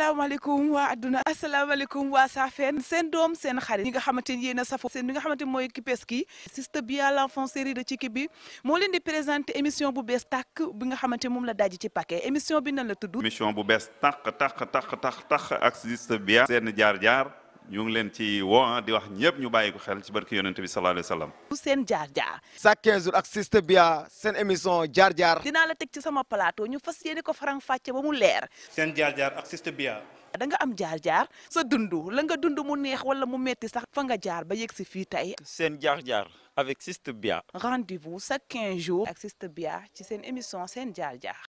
asalaamaaleykum waa adduna asalaamaaleykum waa Safeen seen doom seen xarit ñi nga xamante ni yéen a safoo seen li nga xamante ni mooy Kipeski siste bi la l'enfant série ci Tchiki bi moo leen di présenté émission bu bees tàkk bi nga xamante moom la dajji ci paquet émission bi nan la tudd émission bu bees tàq tàq tàq tàq tàq ak siste bi seen jaar jaar ñu ngi leen ci woo ah, di wax ñëpp ñu bàyyi ko xel ci barki yonent bi sallallahu alayhi wa sallam. bu seen jaar jaar. chaque 15 jours ak Sister Bia seen émission jaar jaar. dinaa la teg ci sama plateau ñu fas yéene ko farang fàcce ba mu leer. seen jaar jaar ak Sister Bia. da nga am jaar jaar sa dund la nga dund mu neex wala mu metti sax fa nga jaar ba yegg si fii tey. seen jaar jaar avec Sister Bia. rendez-vous chaque 15 jours. ak Sister Bia ci seen émission seen jaar jaar.